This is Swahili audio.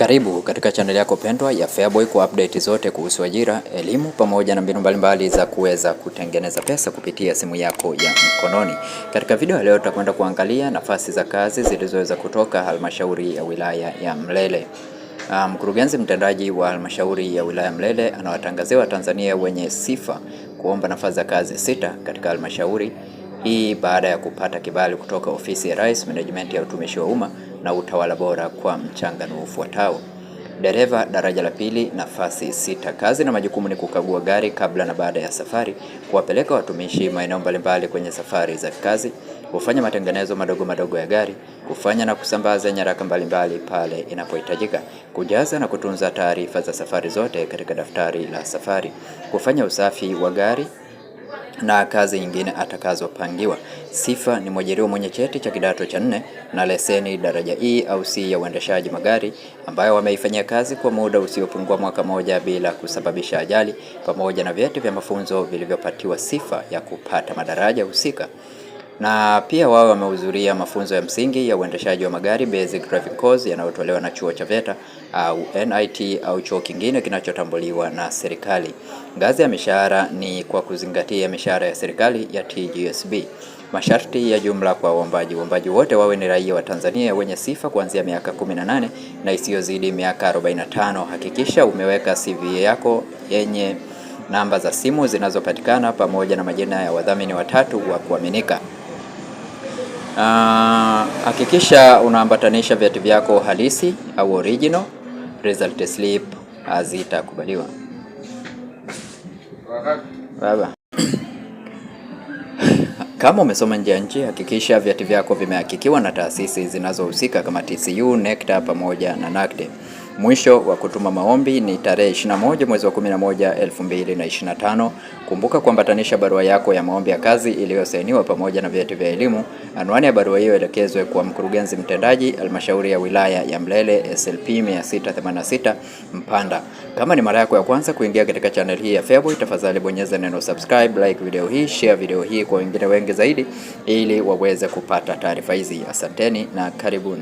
Karibu katika chaneli yako pendwa ya Feaboy kwa update zote kuhusu ajira, elimu pamoja na mbinu mbalimbali za kuweza kutengeneza pesa kupitia simu yako ya mkononi. Katika video ya leo tutakwenda kuangalia nafasi za kazi zilizoweza kutoka halmashauri ya wilaya ya Mlele. Ah, mkurugenzi um, mtendaji wa halmashauri ya wilaya Mlele anawatangazia Watanzania wenye sifa kuomba nafasi za kazi sita katika halmashauri hii baada ya kupata kibali kutoka ofisi ya Rais, Management ya utumishi wa umma na utawala bora kwa mchanganuo ufuatao: dereva daraja la pili, nafasi sita. Kazi na majukumu ni kukagua gari kabla na baada ya safari, kuwapeleka watumishi maeneo mbalimbali kwenye safari za kazi, kufanya matengenezo madogo madogo ya gari, kufanya na kusambaza nyaraka mbalimbali pale inapohitajika, kujaza na kutunza taarifa za safari zote katika daftari la safari, kufanya usafi wa gari na kazi nyingine atakazopangiwa. Sifa ni mwajiriwa mwenye cheti cha kidato cha nne na leseni daraja E au C ya uendeshaji magari ambayo wameifanyia kazi kwa muda usiopungua mwaka moja bila kusababisha ajali, pamoja na vyeti vya mafunzo vilivyopatiwa sifa ya kupata madaraja husika na pia wao wamehudhuria mafunzo ya msingi ya uendeshaji wa magari basic driving course yanayotolewa na chuo cha VETA au NIT au chuo kingine kinachotambuliwa na serikali. Ngazi ya mishahara ni kwa kuzingatia mishahara ya serikali ya TGSB. Masharti ya jumla kwa waombaji: waombaji wote wawe ni raia wa Tanzania wenye sifa kuanzia miaka 18 na isiyozidi miaka 45. Hakikisha umeweka CV yako yenye namba za simu zinazopatikana pamoja na majina ya wadhamini watatu wa kuaminika. Hakikisha uh, unaambatanisha vyeti vyako halisi au original. Result slip hazitakubaliwa. Baba, kama umesoma nje ya nchi, hakikisha vyeti vyako vimehakikiwa na taasisi zinazohusika kama TCU, NECTA pamoja na NACTE. Mwisho wa kutuma maombi ni tarehe 21 mwezi wa 11 2025. Kumbuka kuambatanisha barua yako ya maombi ya kazi iliyosainiwa pamoja na vyeti vya elimu. Anwani ya barua hiyo elekezwe kwa mkurugenzi mtendaji halmashauri ya wilaya ya Mlele SLP 686 Mpanda. Kama ni mara yako ya kwanza kuingia katika channel hii ya Feaboy, tafadhali bonyeza neno subscribe, like video hii, share video hii kwa wengine wengi zaidi, ili waweze kupata taarifa hizi. Asanteni na karibuni.